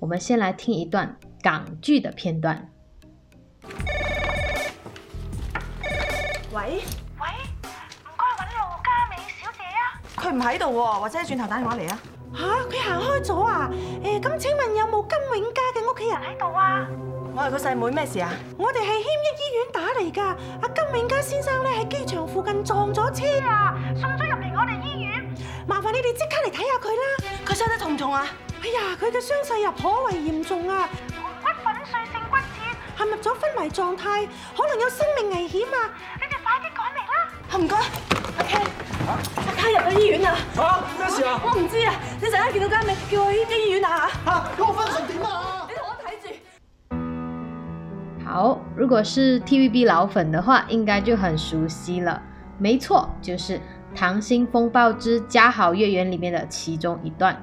我們先來聽一段港劇的片段。喂喂，唔該搵陸嘉美小姐啊，佢唔喺度喎，或者轉頭打電話嚟啊。吓，佢行開咗啊？誒、欸，咁請問有冇金永嘉嘅屋企人喺度啊？我係個細妹，咩事啊？我哋係謙益醫院打嚟噶，阿金永嘉先生咧喺機場附近撞咗車啊，送咗入嚟我哋醫院，麻煩你哋即刻嚟睇下佢啦。佢傷得痛唔痛啊？哎呀，佢嘅傷勢又頗為嚴重啊，骨粉碎性骨折，陷入咗昏迷狀態，可能有生命危險啊！你哋快啲趕嚟啦！唔該、啊，阿 K，阿嘉入咗醫院啦！啊，咩事啊？我唔知啊，你陣間見到嘉咩叫我去醫院啊！吓、啊，吓、啊，我翻船點啊？你同我睇住。好，如果是 TVB 老粉嘅話，應該就很熟悉了。沒錯，就是《溏心風暴之家好月圓》裏面嘅其中一段。